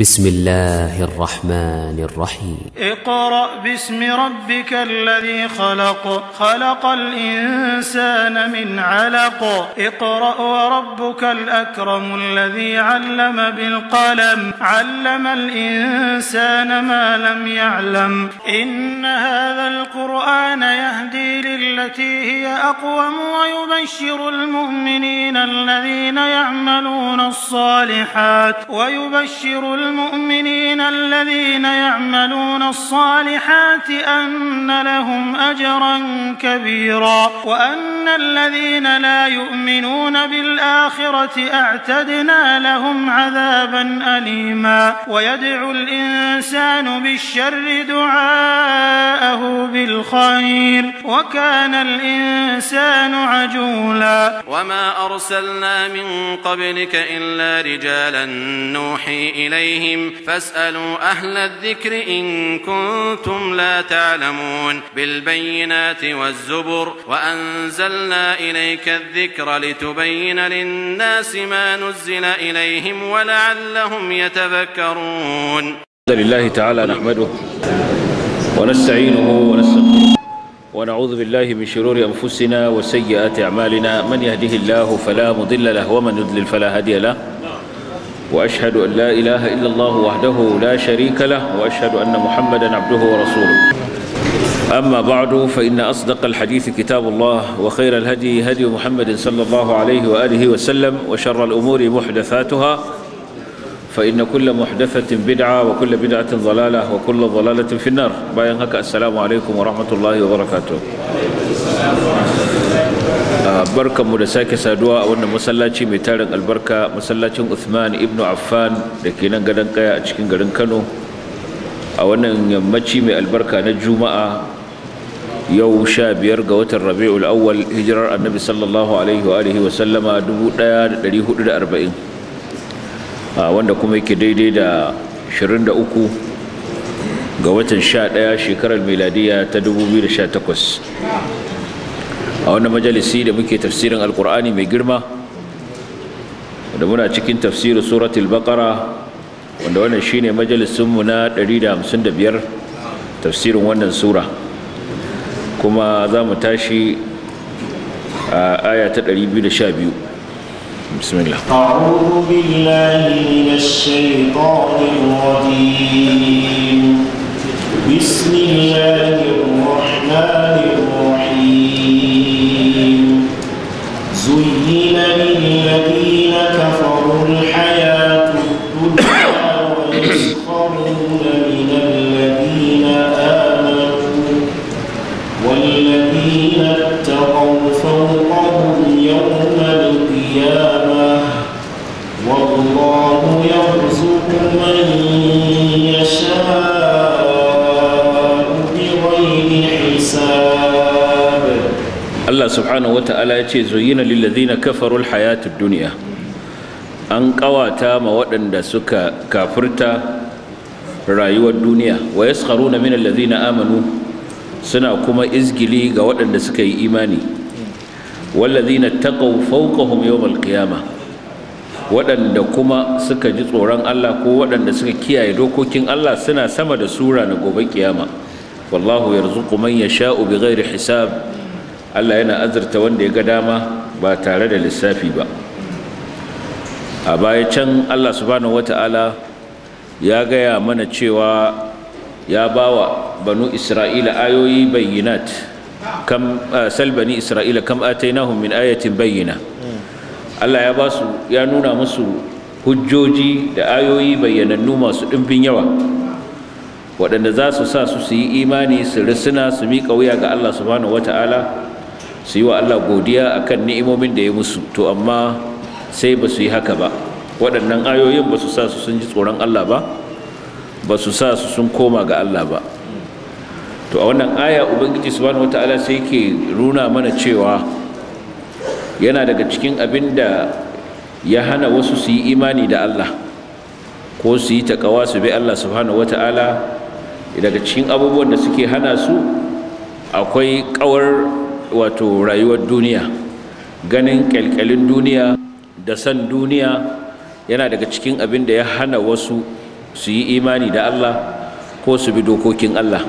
بسم الله الرحمن الرحيم اقرأ باسم ربك الذي خلق خلق الإنسان من علق اقرأ وربك الأكرم الذي علم بالقلم علم الإنسان ما لم يعلم إن هذا القرآن يهدي للتي هي أقوم ويبشر المؤمنين الذين يعملون الصالحات ويبشر المؤمنين المؤمنين الذين يعملون الصالحات أن لهم أجرا كبيرا وأن الذين لا يؤمنون بالآخرة أعتدنا لهم عذابا أليما ويدعو الإنسان بالشر دعاءه بالخير وكان الإنسان عجولا وما أرسلنا من قبلك إلا رجالا نوحي إليهم بهم فاسألوا أهل الذكر إن كنتم لا تعلمون بالبينات والزبر وأنزلنا إليك الذكر لتبين للناس ما نزل إليهم ولعلهم يتذكرون الحمد لله تعالى نحمده ونستعينه ونستغفره ونعوذ بالله من شرور أنفسنا وسيئات أعمالنا من يهده الله فلا مضل له ومن يضلل فلا هادي له واشهد ان لا اله الا الله وحده لا شريك له واشهد ان محمدا عبده ورسوله اما بعد فان اصدق الحديث كتاب الله وخير الهدي هدي محمد صلى الله عليه واله وسلم وشر الامور محدثاتها فان كل محدثه بدعه وكل بدعه ضلاله وكل ضلاله في النار باين هكا السلام عليكم ورحمه الله وبركاته barkanmu da sake saduwa a wannan masallaci mai tarin albarka masallacin Uthman ibn Affan da ke nan gadon kaya a cikin garin Kano a wannan yammaci mai albarka na Juma'a yau sha biyar ga watan Rabi'ul Awwal hijirar Annabi sallallahu alaihi wa alihi wa sallama 1440 wanda kuma yake daidai da 23 ga watan 11 shekarar miladiya ta 2018 a wannan majalisi da muke tafsirin alkur'ani mai girma da muna cikin tafsirin suratul baqara wanda wannan shine majalisinmu na 155 tafsirin wannan sura kuma za mu tashi a aya ta 212 bismillah a'udhu billahi minash shaitanir rajim bismillahir rahmanir rahim زين للذين كفروا subhanahu wata'ala ya ce zuyina lillazina kafarul hayatud duniya an kawata ma waɗanda suka kafirta rayuwar duniya wa yaskharuna min allazina amanu suna kuma izgili ga waɗanda suka yi imani wallazina taqaw fawqahum yawmal qiyamah waɗanda kuma suka ji tsoron Allah ko waɗanda suka kiyaye dokokin Allah suna sama da sura na gobe kiyama wallahu yarzuqu man yasha'u bighairi hisab Allah yana azurta wanda ya ga dama ba tare da lissafi ba a baya can Allah subhanahu wata'ala ya gaya mana cewa ya bawa banu isra'ila ayoyi bayyinat kam eh, sal bani isra'ila kam atainahum min ayatin bayyina Allah ya basu ya nuna musu hujjoji da ayoyi bayyanannu masu ɗimbin yawa waɗanda za su sa su su yi imani su risina su miƙa wuya ga Allah subhanahu wata'ala su yi wa Allah godiya akan ni'imomin da ya musu to amma sai ba su yi haka ba waɗannan ayoyin ba su sa su sun ji tsoron Allah ba ba su sa su sun koma ga Allah ba to a wannan aya ubangiji subhanahu wataala sai ke runa mana cewa yana daga cikin abin da ya hana wasu su yi imani da Allah ko su yi takawa su bi Allah subhanahu wata'ala daga cikin abubuwan da suke hana su akwai ƙawar. wato rayuwar duniya ganin kyalkyalin duniya da san duniya yana daga cikin abin da ya hana wasu su yi imani da Allah ko su bi dokokin Allah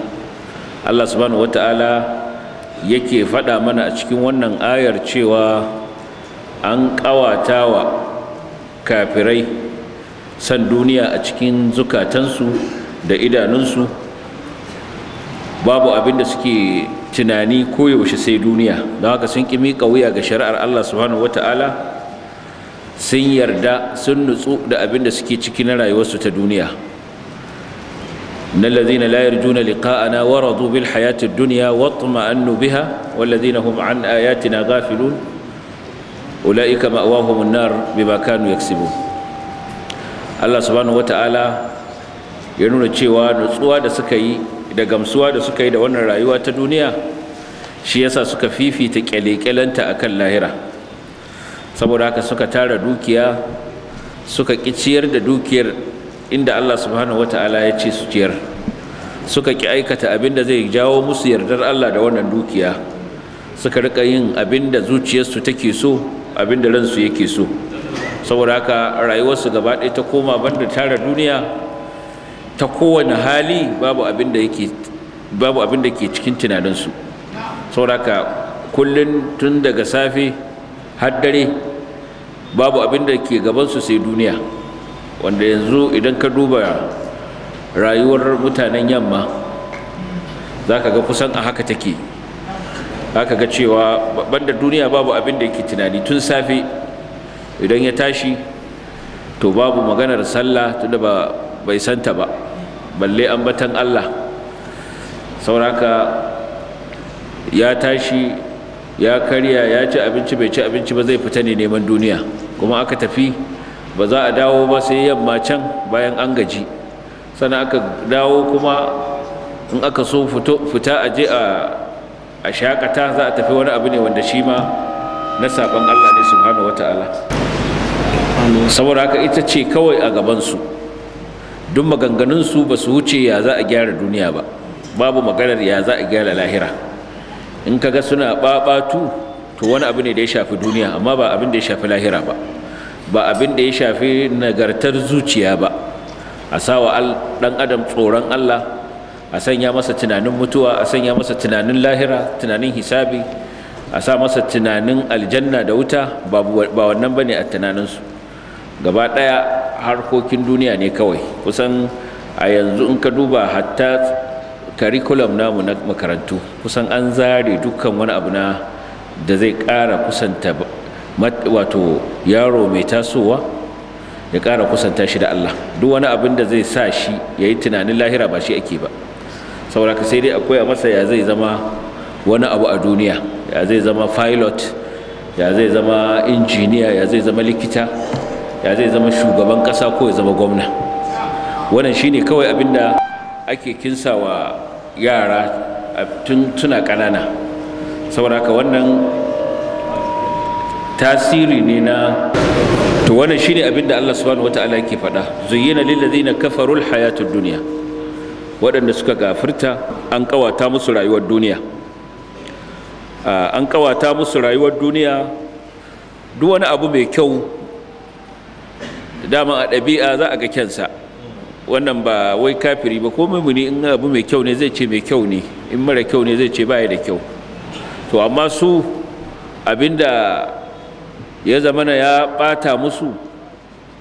Allah subhanahu wata'ala yake faɗa mana a cikin wannan ayar cewa an ƙawata wa kafirai san duniya a cikin zukatansu da idanunsu babu abin da suke tunani koyaushe sai duniya don haka sun ƙi miƙa wuya ga shari'ar Allah subhanahu wata'ala sun yarda sun nutsu da abin da suke ciki na rayuwarsu ta duniya na lazina layar juna wa radu bil hayati duniya wa tuma'annu biha wallazina hum an ayatina ghafilun ula'ika ma'awahumun nar bima kanu yaksibu Allah subhanahu wata'ala ya nuna cewa nutsuwa da suka yi da gamsuwa da suka yi da wannan rayuwa ta duniya shi yasa suka fifita kyalekyalanta a kan lahira saboda haka suka tara dukiya suka ƙi ciyar da dukiyar inda allah subhanahu wa ta'ala ya ce su ciyar suka ki aikata abin da zai jawo musu yardar allah da wannan dukiya suka rika yin abin da zuciyarsu take so abin da ransu yake so saboda haka rayuwarsu gaba ɗaya ta koma banda tara duniya ta kowane hali babu abin da yake babu abin da ke cikin tunaninsu sauraka kullum tun daga safe har dare babu abin da ke gabansu sai duniya wanda yanzu idan ka duba rayuwar mutanen yamma za ka ga kusan a haka take haka ga cewa banda duniya babu abin da ke tunani tun safe idan ya tashi to babu maganar sallah da ba bai santa ba balle ambatan Allah sauraka ya tashi ya karya ya ci abinci bai ci abinci ba zai fita ne neman duniya kuma aka tafi ba za a dawo ba sai yamma can bayan an gaji sannan aka dawo kuma in aka so fita a je a shakata za a tafi wani abu ne wanda shi ma na saban Allah ne subhanahu ta'ala saboda haka ita ce kawai a gabansu duk maganganunsu ba su wuce ya za a gyara duniya ba babu maganar ya za a gyara lahira in ka ga suna babatu to wani abu ne da ya shafi duniya amma ba abin da ya shafi lahira ba ba abin da ya shafi nagartar zuciya ba a sawa dan adam tsoron allah a sanya masa tunanin mutuwa a sanya masa tunanin lahira tunanin hisabi a sa masa tunanin aljanna da wuta ba wannan ba ne a tunaninsu gaba ɗaya harkokin duniya ne kawai kusan a yanzu in ka duba hatta curriculum namu na makarantu kusan an zare dukkan wani abu na da zai ƙara kusanta wato yaro mai tasowa ya ƙara kusanta shi da Allah duk wani abin da zai sa shi ya yi tunanin lahira ba shi ake ba saboda ka sai dai akwai a masa ya zai zama wani abu a duniya ya zai zama pilot ya zai zama injiniya ya zai zama likita ya zai zama shugaban kasa ko ya zama gwamna wannan shine kawai abinda ake kinsawa yara tun tuna ƙanana saboda haka wannan tasiri ne na to wannan shine abinda Allah subhanahu wataala yake faɗa zuyyina lil ladina kafaru al hayatud dunya waɗanda suka gafirta an kawata musu rayuwar duniya ah, an kawata musu rayuwar duniya duk wani abu mai kyau dama a ɗabi'a za a ga kyansa wannan ba wai kafiri ba ko muni in abu mai kyau ne zai ce mai kyau ne in mara kyau ne zai ce baya da kyau to amma su abinda ya zamana ya ɓata musu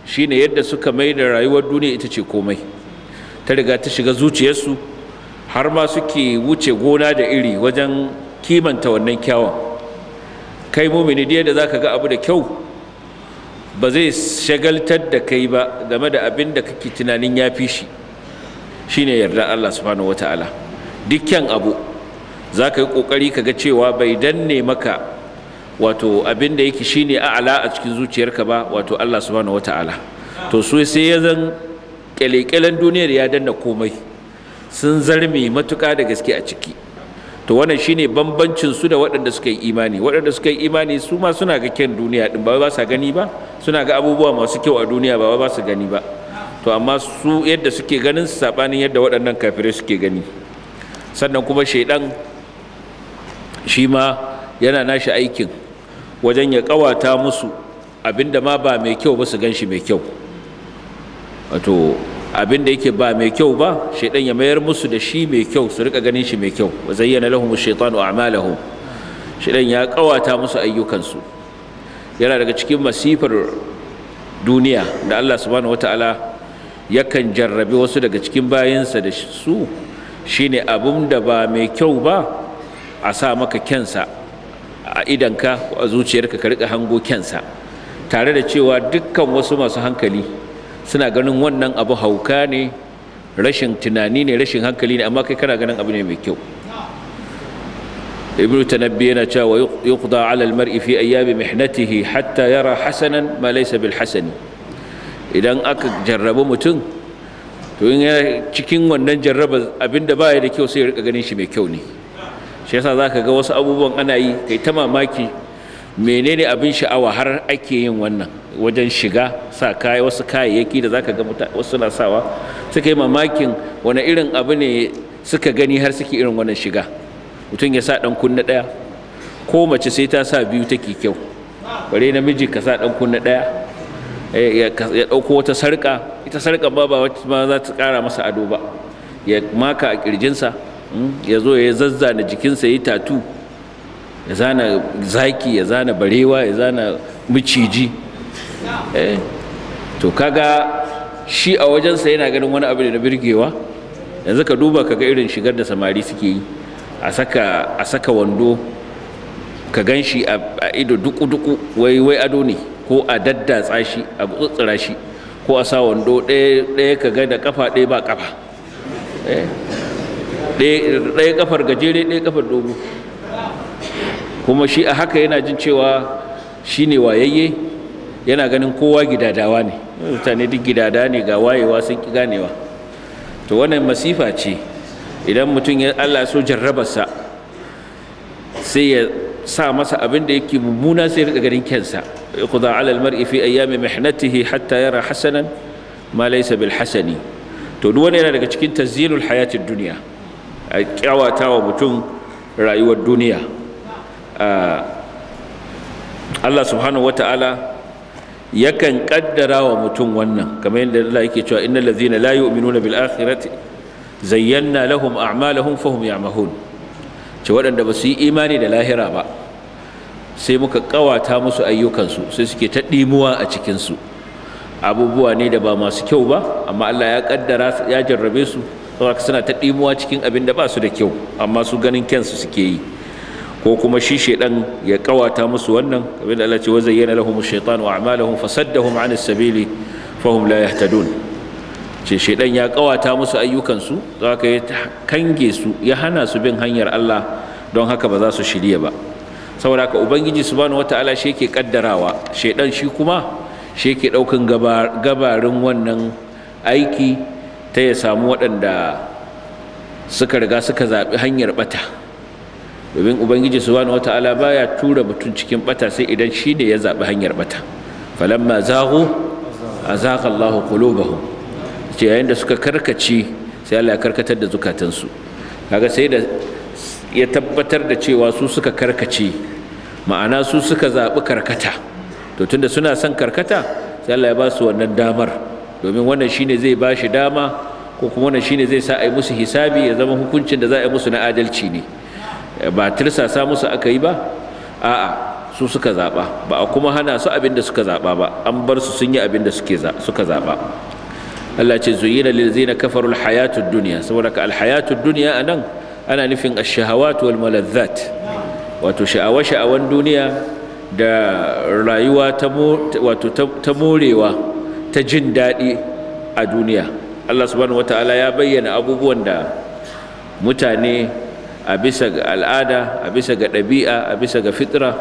shine yadda suka mai da rayuwar duniya ita ce komai ta riga ta shiga zuciyarsu har ma suke wuce gona da iri wajen kimanta wannan kyawun kai mumini da ka ga abu da kyau ba zai shagaltar da kai ba game da abin da kake tunanin ya fi shi shine yarda Allah subhanahu wataala dukkan abu za ka yi ƙoƙari ka ga cewa bai danne maka wato abin da yake shine a'ala a cikin zuciyarka ba wato Allah subhanahu wataala to so sai ya zan kyalekyalen duniyar ya danna komai sun zarme matuƙa da gaske a ciki to wannan shine bambancin su da waɗanda suka yi imani waɗanda suka yi imani su ma suna ga kyan duniya din ba ba sa gani ba suna ga abubuwa masu kyau a duniya ba ba su gani ba to amma su yadda suke ganin su sabanin yadda waɗannan kafirai suke gani sannan kuma shaidan shi ma yana nashi aikin wajen ya kawata musu abinda ma ba mai kyau ba su gan shi mai kyau wato abin da yake ba mai kyau ba shaidan ya mayar musu da shi mai kyau su rika ganin shi mai kyau wa zayyana lahum shaitanu a'malahum shaidan ya kawata musu ayyukansu yana daga cikin masifar duniya da Allah subhanahu wataala yakan jarrabe wasu daga cikin bayansa da su shine abun da ba mai kyau ba a sa maka kyansa a idanka a zuciyarka ka rika hango kyansa tare da cewa dukkan wasu masu hankali suna ganin wannan abu hauka ne rashin tunani ne rashin hankali ne amma kai kana ganin abu ne mai kyau ibnu tanabbi yana cewa yuqda ala almar'i fi ayyami mihnatihi hatta yara hasanan ma laysa bil hasani idan aka jarrabu mutum to in ya cikin wannan jarraba abinda baya da kyau sai ya rika ganin shi mai kyau ne shi yasa zaka ga wasu abubuwan ana yi kai ta mamaki menene abin sha'awa har ake yin wannan wajen shiga sa kaya wasu kayayyaki da zaka ga wasu na sawa suka yi mamakin wani irin abu ne suka gani har suke irin wannan shiga mutum ya sa dan kunna daya ko mace sai ta sa biyu take kyau bare namiji ka sa dan kunna daya eh, ya dauko wata sarka ita sarka ba ba wacce ma za ta kara masa ado ba ya maka a kirjinsa hmm, ya zo ya zazzana jikinsa ya yi tatu ya zana zaki ya zana barewa ya zana miciji eh to kaga shi a wajensa yana ganin wani abu ne na birgewa yanzu ka duba kaga irin shigar da samari suke yi a saka a saka wando ka gan a ido duku-duku wai wai ado ne ko a daddatsa shi a tsutsura shi ko a sa wando ɗaya ka ga da kafa ɗaya ba kafa eh, ɗaya kafar gajere ɗaya kafar dogo kuma shi a haka yana jin cewa shi ne wayayye yana ganin kowa gidadawa ne mutane duk gidada ne ga wayewa sun ki ganewa to wannan masifa ce idan mutum ya allah so jarrabarsa sai ya sa masa abin da yake mummuna sai rika ganin kyansa yuqda ala almar'i fi ayyami mihnatihi hatta yara hasanan ma laysa bil hasani to duk wani yana daga cikin tazilul hayatid dunya a kyawata wa mutum rayuwar duniya Allah subhanahu wata'ala yakan kaddara wa mutum wannan kamar yadda Allah yake cewa inna ladzina la yu'minuna bil akhirati zayyana lahum a'malahum fahum ya'mahun ce waɗanda ba su yi imani da lahira ba sai muka kawata musu ayyukansu sai suke ta ɗimuwa a cikinsu abubuwa ne da ba masu kyau ba amma Allah ya ya jarrabe su saboda suna ta ɗimuwa cikin abin da ba su da kyau amma su ganin kyansu suke yi ko kuma shi shedan ya kawata musu wannan kamar da Allah ce wa zayyana lahum ash-shaytanu a'malahum fasaddahum 'an as-sabili fahum la yahtadun ce shedan ya kawata musu ayyukan su zaka ya kange su ya hana su bin hanyar Allah don haka ba za su shirye ba saboda haka ubangiji subhanahu wataala shi yake kaddarawa shaiɗan shi kuma shi yake daukan gabarin wannan aiki ta ya samu waɗanda suka riga suka zaɓi hanyar bata domin ubangiji subhanahu wata'ala baya tura mutum cikin bata sai idan shi ne ya zaɓi hanyar bata falamma zahu azaqa Allahu qulubahum ce yayin da suka karkace sai Allah ya karkatar da zukatansu kaga sai da ya tabbatar da cewa su suka karkace ma'ana su suka zaɓi karkata to tunda suna son karkata sai Allah ya ba su wannan damar domin wannan shine zai ba shi dama ko kuma wannan shine zai sa a yi musu hisabi ya zama hukuncin da za a yi musu na adalci ne ba tirsasa musu aka yi ba a'a su suka zaɓa ba a kuma hana su abin da suka zaɓa ba an bar su sun yi abin da suka zaɓa Allah ce zuyina lilzina kafarul hayatud duniya saboda ka alhayatu duniya a nan, ana nufin ash-shahawat wal maladzat wato sha'awa sha'awan duniya da rayuwa wato ta morewa ta jin daɗi a duniya Allah subhanahu wataala ya bayyana abubuwan da mutane أبيسج bisa أبيسج al'ada أبيسج فطرة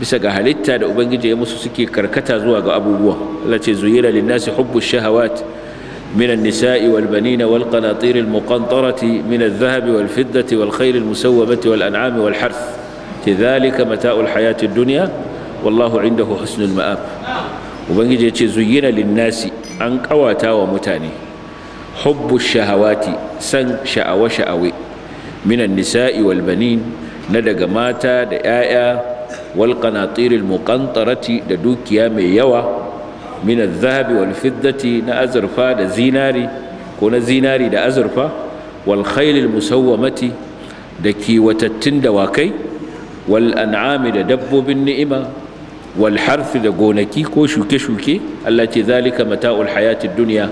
أبيسج ɗabi'a a bisa ga كركتا bisa أبو halitta التي ubangiji للناس حب الشهوات من النساء والبنين والقناطير المقنطرة من الذهب والفضة والخير المسومة والأنعام والحرث ذلك متاع الحياة الدنيا والله عنده حسن المآب وبنجي يجي زين للناس أن قواتا ومتاني حب الشهوات سن شأوى شأوي minan nisa'i wal banin na daga mata da 'ya'ya wal qanatiril muqantarati da dukiya mai yawa minan zahabi wal fiddati na azurfa da zinari ko na zinari da azurfa wal khailil musawwamati da kiwatattun dawakai wal an'ami da dabbobin ni'ima والحرث da gonaki ko shuke-shuke Allah ce zalika mata'ul hayatid dunya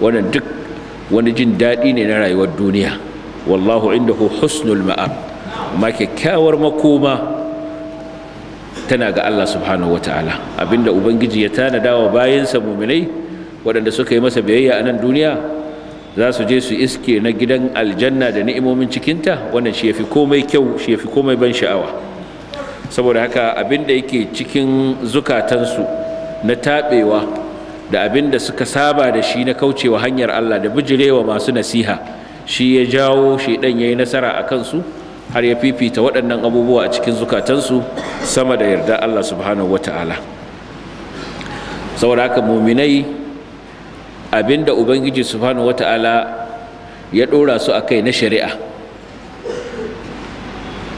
wannan duk wani jin daɗi ne na rayuwar duniya wallahu indahu husnul ma'ab amma kyakkyawar makoma tana ga Allah subhanahu wataala abinda ubangiji ya tanada wa bayansa muminai waɗanda suka yi masa biyayya a nan duniya za su je su iske na gidan aljanna da ni'imomin cikinta wannan shi yafi komai kyau shi yafi komai ban sha'awa saboda haka abinda yake cikin zukatansu na taɓewa da abinda suka saba da shi na kaucewa hanyar Allah da bijirewa masu nasiha shi ya jawo shaidan yayi nasara a kansu har ya fifita waɗannan abubuwa a cikin zukatansu sama da yarda Allah subhanahu wata'ala saboda haka muminai abinda ubangiji subhanahu wata'ala ya ɗora su a kai na shari'a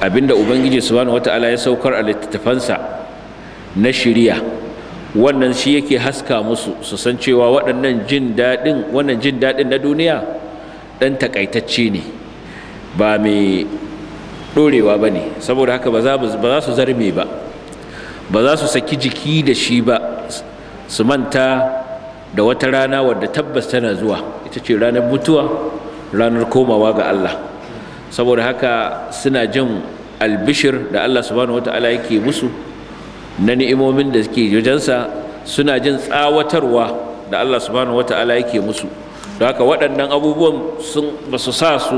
abinda ubangiji subhanahu wata'ala ya saukar a littattafansa na shari'a wannan shi yake haska musu su san cewa waɗannan jin daɗin wannan jin daɗin na duniya ɗan takaitacce ne ba mai ɗorewa ba ne saboda haka ba za su zarme ba ba za su saki jiki da shi ba su manta da wata rana wadda tabbas tana zuwa ita ce ranar mutuwa ranar komawa ga Allah saboda haka suna jin albishir da Allah subhanahu wata'ala yake musu na ni'imomin da suke wajensa suna jin tsawatarwa da Allah subhanahu wata'ala yake musu da haka waɗannan abubuwan sun ba su sa su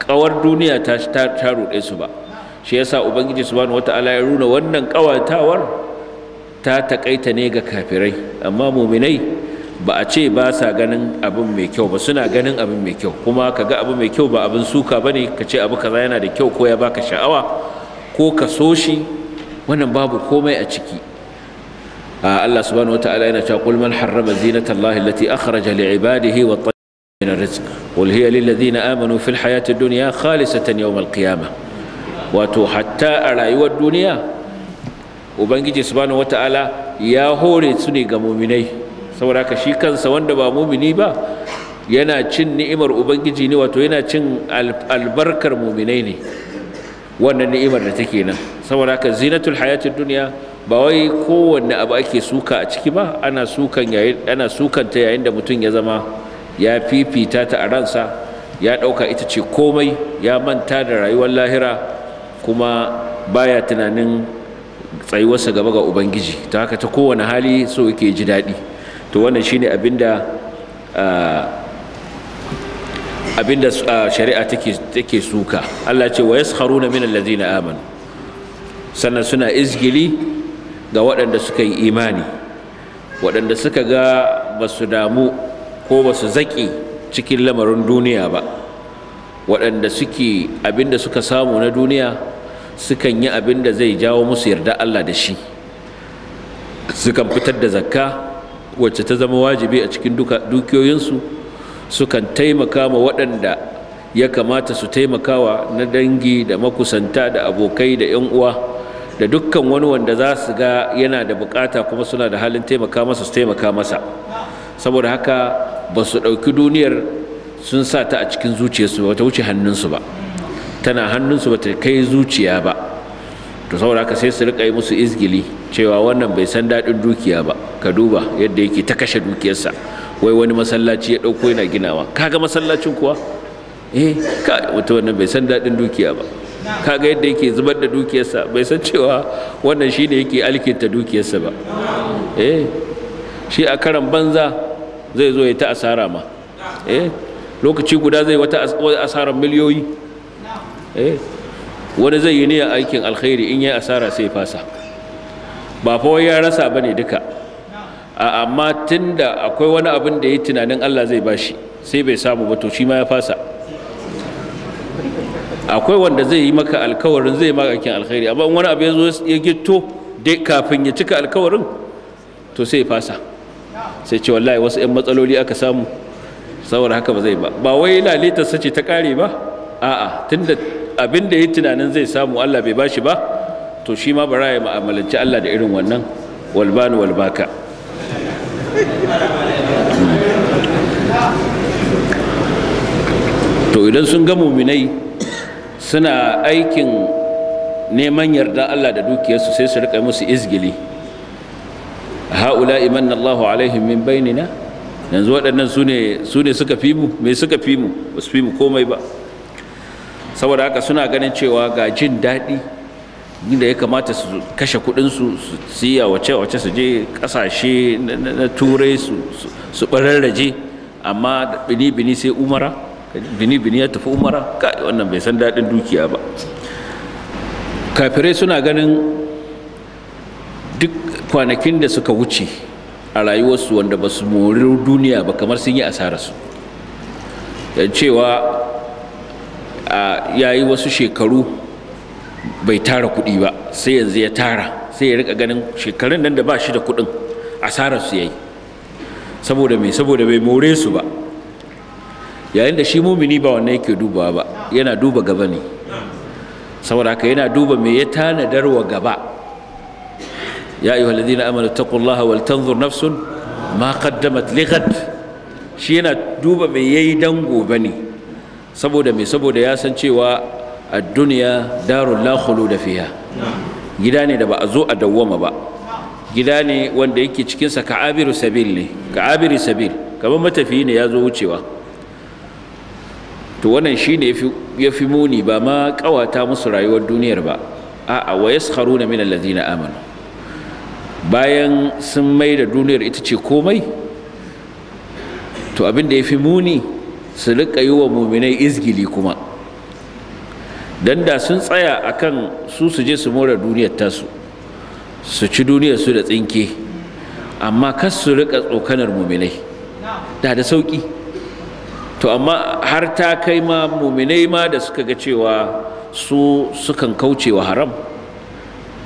kawar duniya ta ta ruɗe su ba shi yasa ubangiji subhanahu wata'ala ya runa wannan kawatawar ta takaita ne ga kafirai amma muminai ba a ce ba sa ganin abin mai kyau ba suna ganin abin mai kyau kuma ka ga abin mai kyau ba abin suka ba ne ka ce abu kaza yana da kyau ko ya baka sha'awa ko ka so shi wannan babu komai a ciki Allah subhanahu wa ta'ala yana cewa qul man harrama zinata lati allati akhraja li ibadihi wa من الرزق قل هي للذين آمنوا duniya الحياة الدنيا خالصة يوم القيامة wato hatta a rayuwar duniya ubangiji subhanahu wata'ala ya hore su ne ga muminai saboda shi kansa wanda ba mumini ba yana cin ni'imar ubangiji ne wato yana cin albarkar muminai ne wannan ni'imar da take nan saboda ka zinatul hayatid duniya ba wai kowanne abu ake suka a ciki ba ana sukan yayin ana sukanta yayin da mutum ya zama ya fifita ta a ransa ya ɗauka ita ce komai ya manta da rayuwar lahira kuma baya tunanin tsayuwarsa gaba ga ubangiji ta haka ta kowane hali so yake ji daɗi to wannan shine abinda abinda shari'a take suka Allah ce wa yaskharuna min allazina amanu sannan suna izgili ga waɗanda suka yi imani waɗanda suka ga basu damu ko ba su zaƙi cikin lamarin duniya ba waɗanda suke abin da suka samu na duniya sukan yi abin da zai jawo musu yarda Allah da shi sukan fitar da zakka wacce ta zama wajibi a cikin dukiyoyinsu sukan taimaka ma waɗanda ya kamata su taimakawa na dangi da makusanta da abokai da 'yan uwa da dukkan wani wanda za su ga yana da bukata kuma suna da halin taimaka masa su taimaka masa saboda haka ba su ɗauki duniyar sun sa ta a cikin zuciyarsu ba ta wuce hannunsu ba tana hannunsu ba ta kai zuciya ba to saboda haka sai su riƙa yi musu izgili cewa wannan bai san daɗin dukiya ba ka duba yadda yake ta kashe dukiyarsa wai wani masallaci ya ɗauko yana ginawa kaga masallacin kuwa eh ka wata wannan bai san daɗin dukiya ba kaga yadda yake zubar da dukiyarsa bai san cewa wannan shine yake alkinta dukiyarsa ba eh shi a karan banza zai zo ya ta asara ma eh lokaci guda zai wata asarar miliyoyi eh wani zai yi niyyar aikin alkhairi in yi asara sai fasa ba fa ya rasa bane duka amma tunda akwai wani abin da ya tunanin Allah zai bashi sai bai samu ba to shi ma ya fasa akwai wanda zai yi maka alkawarin zai maka aikin alkhairi amma wani abu ya zo ya gitto kafin ya cika alkawarin to sai ya fasa sai ce wallahi wasu 'yan matsaloli aka samu saboda haka ba zai ba ba wai lalita sace ta kare ba a'a tunda abin da ya tunanin zai samu Allah bai bashi ba to shi ma bara ya mu'amalanci Allah da irin wannan walbanu walbaka to idan sun ga muminai suna aikin neman yarda Allah da dukiyarsu sai su rika musu izgili haula imanna Allahu alaihim min bainina yanzu waɗannan su ne suka fi mu me suka fi mu ba su fi mu komai ba saboda haka suna ganin cewa ga jin daɗi inda ya kamata su kashe kuɗinsu su siya wace wace su je ƙasashe na turai su ɓararraje amma bini-bini sai umara bini-bini ya tafi umara wannan bai san daɗin dukiya ba kafirai suna ganin duk kwanakin da suka wuce a rayuwarsu wanda ba su mori duniya ba kamar sun yi asararsu eh, cewa ya yi wasu shekaru bai tara kuɗi ba sai yanzu ya tara sai ya rika ganin shekarun nan da ba shi da kuɗin asararsu ya yi saboda mai saboda bai more su ba yayin da shi mumini ba wannan yake dubawa ba yana duba gaba ne saboda haka yana duba mai ya tanadar wa gaba ya ayyuhal ladina amanu taqullaha wal tanzur nafsun ma qaddamat lighad shi yana duba me yayi dan ba ne saboda me saboda ya san cewa ad-dunya darul la khulud fiha gida ne da ba a zo a dawwama ba gida ne wanda yake cikinsa ka'abiru sabil ne ka'abiru sabil kamar matafiyi ne ya zo wucewa to wannan shi ne ya fi muni ba ma kawata musu rayuwar duniyar ba a'a wa yaskharuna min allazina amanu bayan sun mai da duniyar ita ce komai to abin da ya fi muni su rika yi wa muminai izgili kuma don da sun tsaya a kan su su je su mora duniyar tasu su ci duniyar su da tsinke amma kas su rika tsokanar muminai da da sauƙi to amma har ta kai ma muminai ma da suka ga cewa su sukan kauce wa haram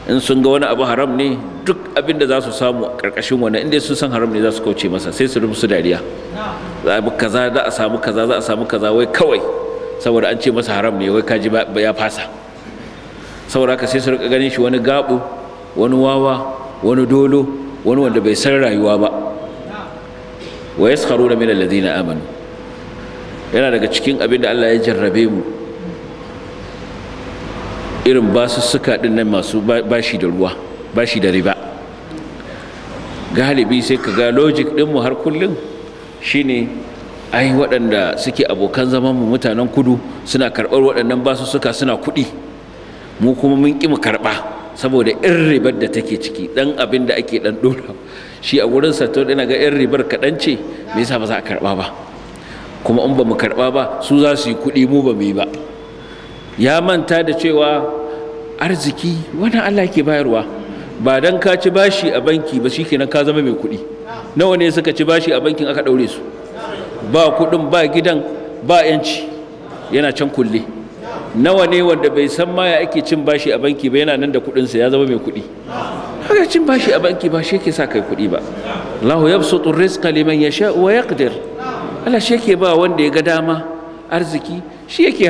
in sun ga wani abu haram ne duk abin da za su samu karkashin wani inda sun san haram ne za su kauce masa sai su su dariya za a kaza za a samu kaza za a samu kaza wai kawai saboda an ce masa haram ne wai kaji ya fasa saboda haka sai su rika ganin shi wani gabu wani wawa wani dolo wani wanda bai san rayuwa ba wa yaskharuna min alladhina amanu yana daga cikin abin da Allah ya jarrabe mu irin basussuka din nan masu bashi da ruwa bashi da riba galibi sai ka ga logic ɗinmu har kullum shine ai waɗanda suke abokan zaman mu mutanen kudu suna karɓar waɗannan basussuka suna kuɗi mu kuma mun ƙi mu karɓa saboda in ribar da take ciki ɗan abin da ake ɗan ɗora shi a wurin sato ɗina ga in ribar kaɗan ce me yasa ba za a karɓa ba kuma in ba mu karɓa ba su za su yi kuɗi mu ba mu yi ba ya manta da cewa arziki wani Allah ke bayarwa ba don ka ci bashi a banki ba shi kenan ka zama mai kuɗi nawa ne suka ci bashi a bankin aka ɗaure su ba kuɗin ba gidan ba yanci yana can kulle nawa ne wanda bai san ma ya ake cin bashi a banki ba yana nan da kuɗinsa ya zama mai kuɗi haka cin bashi a banki ba shi yake sa kai kuɗi ba Allahu yabsutu rizqa liman yasha wa yaqdir Allah shi yake ba wanda ya ga dama arziki shi yake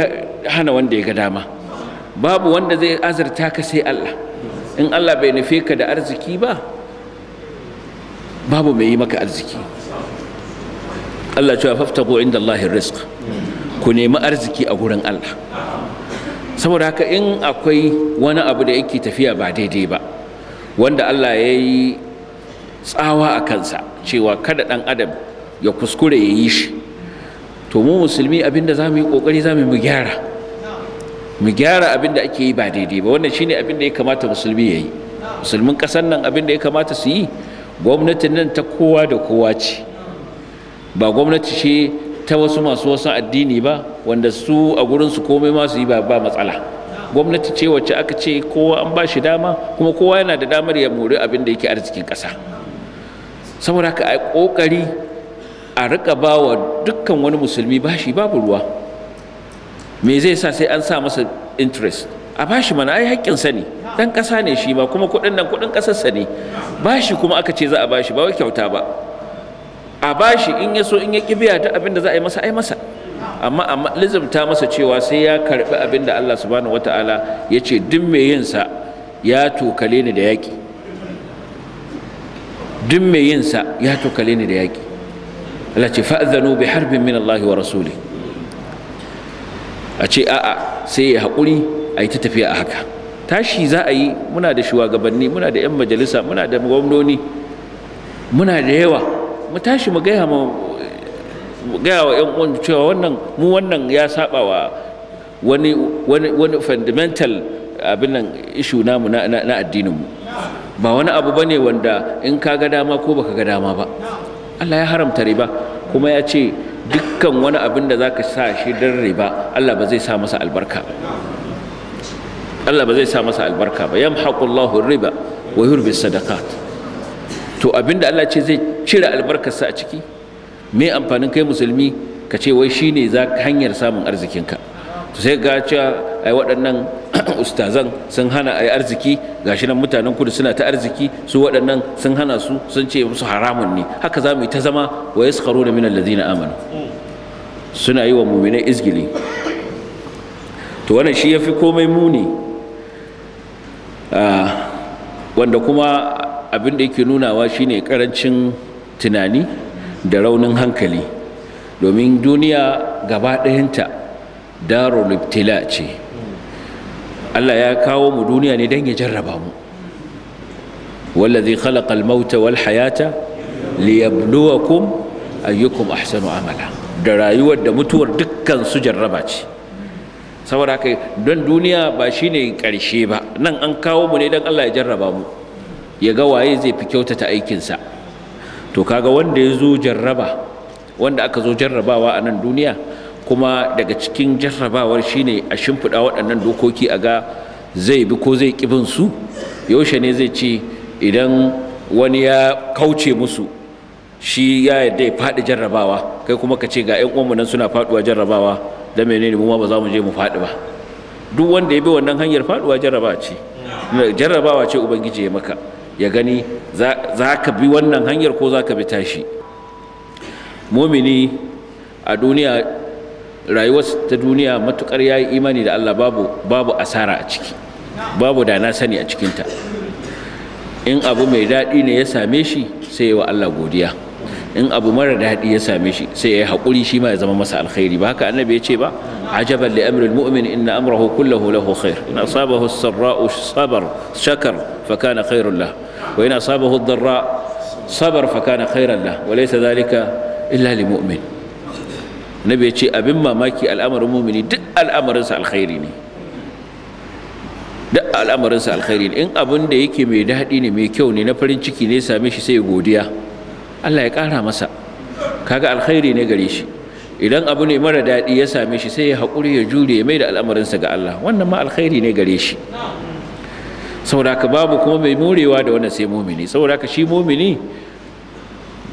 hana wanda ya ga dama babu wanda zai azarta ka sai Allah in Allah bai nufe ka da arziki ba babu mai yi maka arziki Allah cewa faftaqu inda Allahi rizq ku nemi arziki a gurin Allah saboda haka in akwai wani abu da yake tafiya ba daidai ba wanda Allah ya yi tsawa a kansa cewa kada ɗan adam ya kuskure ya yi shi to mu musulmi abinda za mu yi ƙoƙari za mu gyara mu gyara abinda ake yi ba daidai ba wannan shine abinda ya kamata musulmi ya yi musulmin ƙasar nan abinda ya kamata su yi gwamnatin nan ta kowa da kowa ce ba gwamnati ce ta wasu masu wasu addini ba wanda su a gurin su komai ma su yi ba ba matsala gwamnati ce wacce aka ce kowa an ba shi dama kuma kowa yana da damar ya mori abin da yake arzikin ƙasa saboda haka a ƙoƙari a rika ba wa dukkan wani musulmi bashi babu ruwa me zai sa sai an sa masa interest a bashi mana ai sa ne dan ƙasa ne shi ma kuma kuɗin nan kuɗin ƙasarsa ne bashi kuma aka ce za a bashi ba wai kyauta ba a bashi in ya so in ya ƙi biya ta abin da za a yi masa ai masa amma amma lizumta masa cewa sai ya karɓi abin da Allah subhanahu wataala ya ce duk mai yin sa ya tokale ni da yaƙi duk mai yin sa ya tokale ni da yaƙi Allah ce bi harbin min Allah wa rasuli a ce a'a sai ya haƙuri a yi ta tafiya a haka tashi za a yi muna da shugabanni muna da 'yan majalisa muna da gwamnoni muna da yawa mu tashi mu gaya gaya wa 'yan uwan cewa wannan mu wannan ya saba wa wani wani fundamental abin nan ishu namu na addinin mu ba wani abu bane wanda in ka ga dama ko baka ga dama ba Allah ya haramta riba kuma ya ce dukkan wani abin da zaka sa shi don riba Allah ba zai sa masa albarka ba Allah ba zai sa masa albarka ba riba wa yurbi sadaqat to abinda Allah ce zai cire albarkarsa a ciki me amfanin kai musulmi ka ce wai shine za hanyar samun arzikinka to sai ga cewa ai waɗannan ustazan sun hana ai arziki gashi nan mutanen kudu suna ta arziki su waɗannan sun hana su sun ce musu haramun ne haka za mu yi ta zama wa yaskharu min alladhina amanu suna yi wa mu'minai izgili to wannan shi fi komai muni ah, wanda kuma abin da yake nunawa shine karancin tunani da raunin hankali domin duniya gaba ɗayanta darul ibtila ce Allah ya kawo mu duniya ne don ya jarraba mu wallazi khalaqal mauta wal hayata liyabluwakum ayyukum ahsanu amala da rayuwar da mutuwar dukkan su jarraba ce saboda haka don duniya ba shine karshe ba nan an kawo mu ne don Allah ya jarraba mu ya ga waye zai fi kyautata aikinsa to kaga wanda ya zo jarraba wanda aka zo jarrabawa a nan duniya kuma daga cikin jarrabawar shine a shimfiɗa waɗannan dokoki a ga zai bi ko zai ƙibin su yaushe ne zai ce idan wani ya kauce musu shi ya yadda ya faɗi jarrabawa kai kuma ka ce ga 'yan uwanmu nan suna faɗuwa jarrabawa da menene mu ma ba za mu je mu faɗi ba duk wanda ya bi wannan hanyar faɗuwa jarrabawa ce jarrabawa ce ubangiji ya maka ya gani za ka bi wannan hanyar ko za ka bi tashi mumini a duniya rayuwar ta duniya matukar yayi imani da Allah babu babu asara a ciki babu da na sani a cikin ta in abu mai dadi ne ya same shi sai ya wa Allah godiya in abu mara dadi ya same shi sai ya yi haƙuri shi ma ya zama masa alkhairi ba haka annabi ya ce ba ajaban li amri almu'min inna amrahu kulluhu lahu khair in asabahu as sarra'u sabar shakar fa kana khairul lah wa in asabahu ad dharra sabar fa kana khairan lah wa laysa dhalika illa lilmu'min mu'min nabi ya ce abin mamaki al'amarin mumini duk al'amarinsa alkhairi ne duk al'amarinsa alkhairi ne in abin da yake mai daɗi ne mai kyau ne na farin ciki ne same shi sai godiya Allah ya ƙara masa kaga alkhairi ne gare shi idan abu ne mara daɗi ya same shi sai ya hakuri ya jure ya mai da al'amarinsa ga Allah wannan ma alkhairi ne gare shi saboda ka babu kuma mai morewa da wannan sai mumini saboda ka shi mumini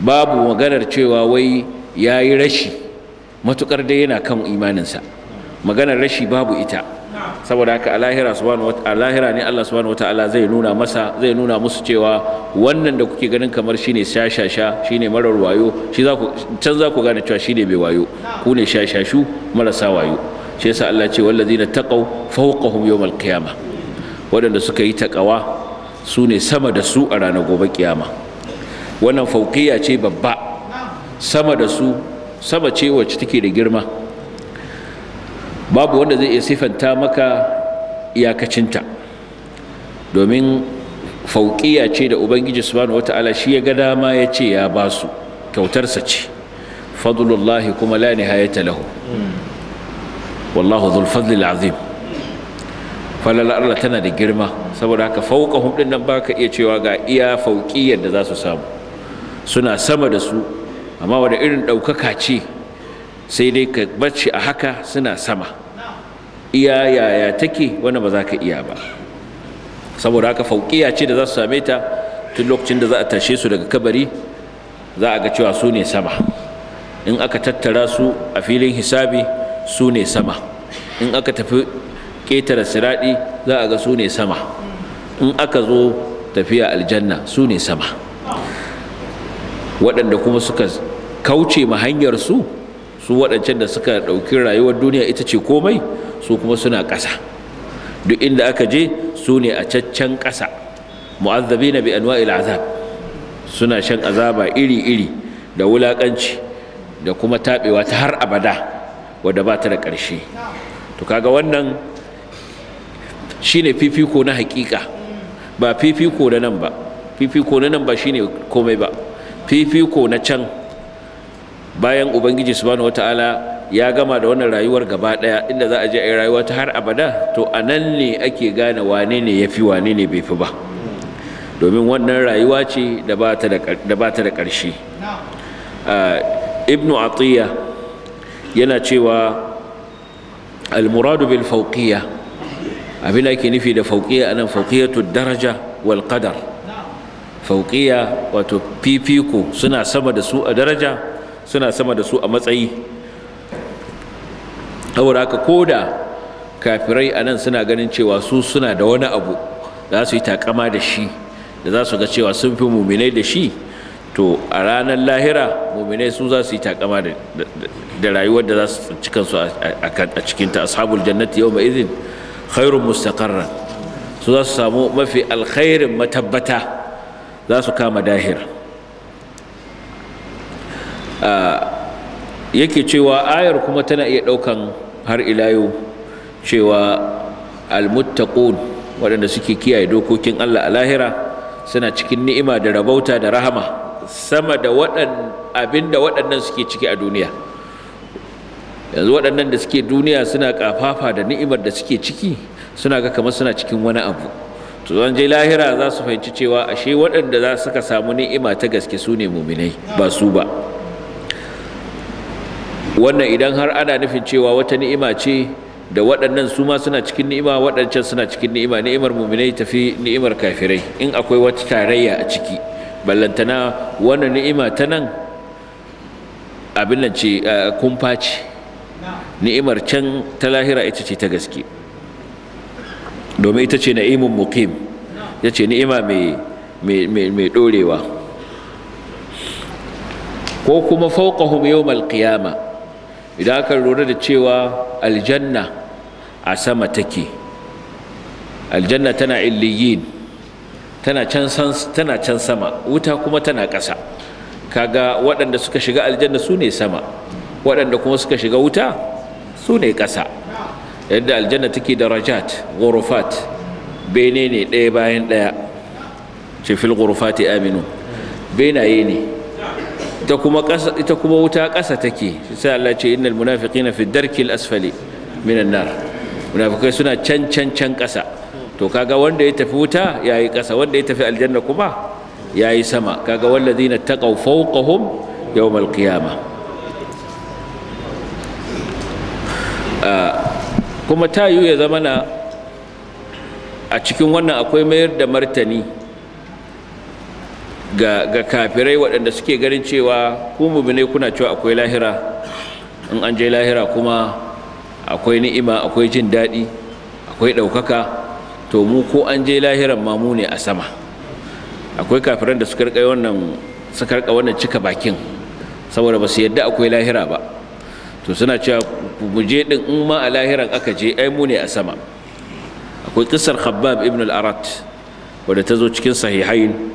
babu maganar cewa wai ya yi rashi matukar dai yana kan imaninsa maganar rashi babu ita saboda haka alahira subhanahu alahira ne Allah subhanahu ta'ala zai nuna masa zai nuna musu cewa wannan da kuke ganin kamar shine shashasha shine marar wayo shi za ku can za ku gane cewa shine mai wayo ku ne shashashu marasa wayo shi yasa Allah ce wallazina taqaw fawqahum yawmal qiyamah waɗanda suka yi taqawa su ne sama da su a ranar gobe kiyama wannan fauqiya ce babba sama da su sama ce wacce take da girma babu wanda zai iya sifanta maka iyakacinta domin fauƙiya ce da ubangiji subhanahu wata'ala shi ya ga dama ya ce ya ba su kyautarsa ce fadlullahi kuma la nihayata lahu wallahu dhul fadli azim falal Allah tana da girma saboda haka fauka din nan baka iya cewa ga iya fauƙiyar da za su samu suna sama da su amma wanda irin ɗaukaka ce sai dai ka barci a haka suna sama iya yaya take wani ba za ka iya ba saboda haka fauƙiya ce da za su same ta tun lokacin da za a tashe su daga kabari za a ga cewa su ne sama in aka tattara su a filin hisabi su ne sama in aka tafi ƙetare siraɗi za a ga su ne sama in aka zo tafiya aljanna su ne sama waɗanda kuma suka kauce ma hanyar su su waɗancan da suka ɗauki rayuwar duniya ita ce komai su kuma suna ƙasa duk inda aka je su ne a caccan ƙasa mu'azzabina bi anwa'il azab suna shan azaba iri-iri da wulaƙanci da kuma taɓewa ta har abada wadda ba ta da ƙarshe to kaga wannan shine fifiko na haƙiƙa ba fifiko na nan ba fifiko na nan ba shine komai ba fifiko na can bayan ubangiji subhanahu wataala ya gama da wannan rayuwar gaba daya inda za a je a yi rayuwa ta har abada to a nan ne ake gane wane ne yafi, wane ne bai fi ba domin wannan rayuwa ce da ba ta da ƙarshe ah, ibnu atiyya yana cewa almuradu bil fauqiyya abin ake nufi da fauqiyya anan fauqiyatu daraja wal qadar wato fifiko suna sama da su a daraja suna sama da su a matsayi saboda haka da kafirai a nan suna ganin cewa su suna da wani abu za su yi takama da shi da za su ga cewa sun fi muminai da shi to a ranar lahira muminai su za su yi takama da rayuwar da za su tsinci kansu a cikinta ashabul jannati yau mai izin khairun mustaqarran su za su samu mafi alkhairin matabbata za su kama dahira yake cewa ayar kuma tana iya ɗaukan har ila yau cewa almuttaqun waɗanda suke kiyaye dokokin Allah a lahira suna cikin ni'ima da rabauta da rahama sama da abinda waɗannan suke ciki a duniya yanzu waɗannan da suke duniya suna ƙafafa da ni'imar da suke ciki suna ga kamar suna cikin wani abu to zan je lahira za su fahimci cewa ashe waɗanda za suka samu ni'ima ta gaske su ne muminai ba su ba wannan idan har ana nufin cewa wata ni'ima ce da waɗannan su ma suna cikin ni'ima waɗancan suna cikin ni'ima ni'imar muminai tafi ni'imar kafirai in akwai wata tarayya a ciki ballantana wannan ni'ima ta nan abin nan ce eh, kumfa ce ni'imar can ta lahira ita ce ta gaske domin ita ce na'imun muqim ya ce ni'ima mai ɗorewa ko kuma fauqahum yawmal qiyama idan aka lura da cewa aljanna a sama take aljanna tana illiyin tana can sama wuta kuma tana ƙasa kaga waɗanda suka shiga aljanna su ne sama waɗanda kuma suka shiga wuta su ne ƙasa yadda aljanna take da rajat, ghurufat bene ne ɗaya bayan ɗaya ce fil aminu benaye ne ita kuma ƙasa ita kuma wuta ƙasa take sai Allah ce innal munafiqina fi darkil asfali minan nar munafikai suna can can can ƙasa to kaga wanda ya tafi wuta yayi ƙasa wanda ya tafi aljanna kuma yayi sama kaga walladhina taqaw fawqahum yawmal qiyamah ah, kuma tayu ya zamana a cikin wannan akwai mayar da martani ga kafirai waɗanda suke ganin cewa ku mubine kuna cewa akwai lahira in an je lahira kuma akwai ni'ima akwai jin daɗi akwai ɗaukaka to mu ko an je lahiran ma mu ne a sama akwai kafiran da suka rika wannan suka rika wannan cika bakin saboda ba su yadda akwai lahira ba to suna cewa mu je din in ma a lahiran aka je ai mu ne a sama akwai kisar khabbab ibn al-arat wadda ta zo cikin sahihain